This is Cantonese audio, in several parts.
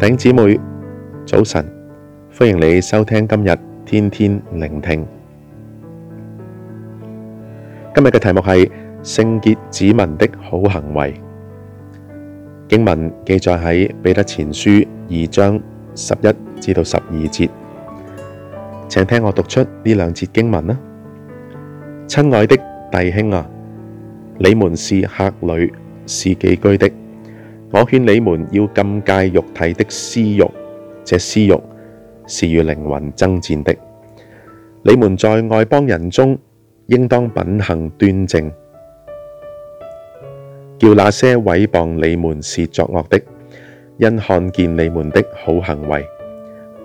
弟兄姊妹，早晨，歡迎你收聽今日天，天天靈聽。今日嘅題目係聖潔子民的好行為。經文記載喺彼得前書二章十一至到十二節，請聽我讀出呢兩節經文啦。親愛的弟兄啊，你們是客旅，是寄居的。我勸你們要禁戒肉體的私欲，這私欲是與靈魂爭戰的。你們在外邦人中，應當品行端正，叫那些毀謗你們是作惡的，因看見你們的好行為，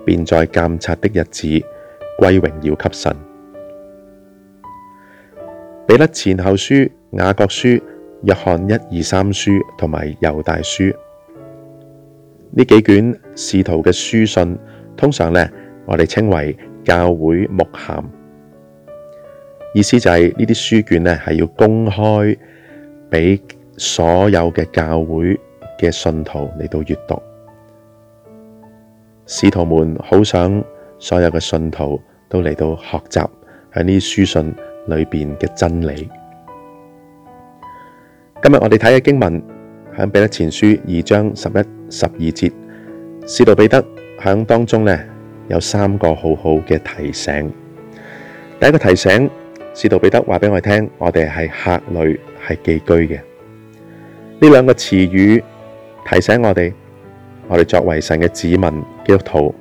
便在鑒察的日子歸榮耀給神。彼得前後書、雅各書。約翰一二三書同埋猶大書呢幾卷使徒嘅書信，通常呢，我哋稱為教會牧函，意思就係呢啲書卷呢，係要公開俾所有嘅教會嘅信徒嚟到閱讀。使徒們好想所有嘅信徒都嚟到學習喺呢啲書信裏面嘅真理。今日我哋睇嘅經文，響彼得前書二章十一、十二節，使徒彼得響當中呢有三個好好嘅提醒。第一個提醒，使徒彼得話俾我哋聽，我哋係客旅，係寄居嘅。呢兩個詞語提醒我哋，我哋作為神嘅子民，基督徒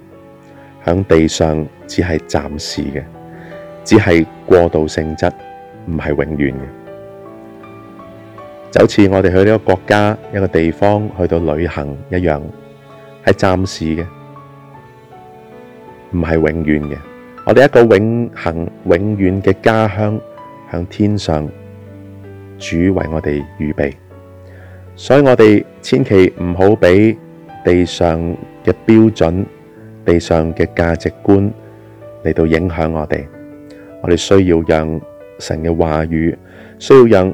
響地上只係暫時嘅，只係過渡性質，唔係永遠嘅。就好似我哋去呢個國家、一個地方去到旅行一樣，係暫時嘅，唔係永遠嘅。我哋一個永恆、永遠嘅家鄉，向天上主為我哋預備。所以我哋千祈唔好俾地上嘅標準、地上嘅價值觀嚟到影響我哋。我哋需要讓神嘅話語，需要讓。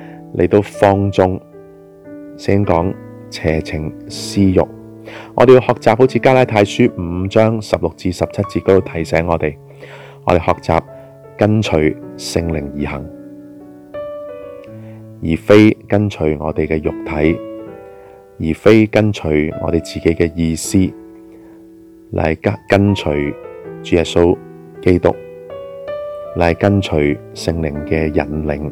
嚟到放縱，先講邪情私慾，我哋要學習好似加拉太書五章十六至十七節嗰度提醒我哋，我哋學習跟隨聖靈而行，而非跟隨我哋嘅肉體，而非跟隨我哋自己嘅意思，嚟跟跟隨主耶穌基督，嚟跟隨聖靈嘅引領。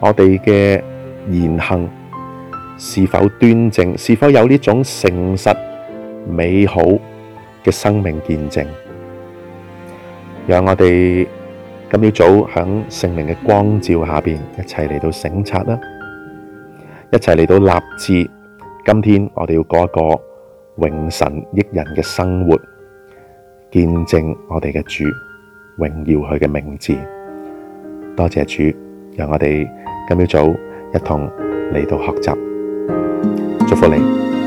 我哋嘅言行是否端正，是否有呢種誠實美好嘅生命見證？讓我哋今朝早喺聖靈嘅光照下邊，一齊嚟到省察啦，一齊嚟到立志。今天我哋要過一個榮神益人嘅生活，見證我哋嘅主，榮耀佢嘅名字。多謝主。讓我哋今朝早一同嚟到學習，祝福你。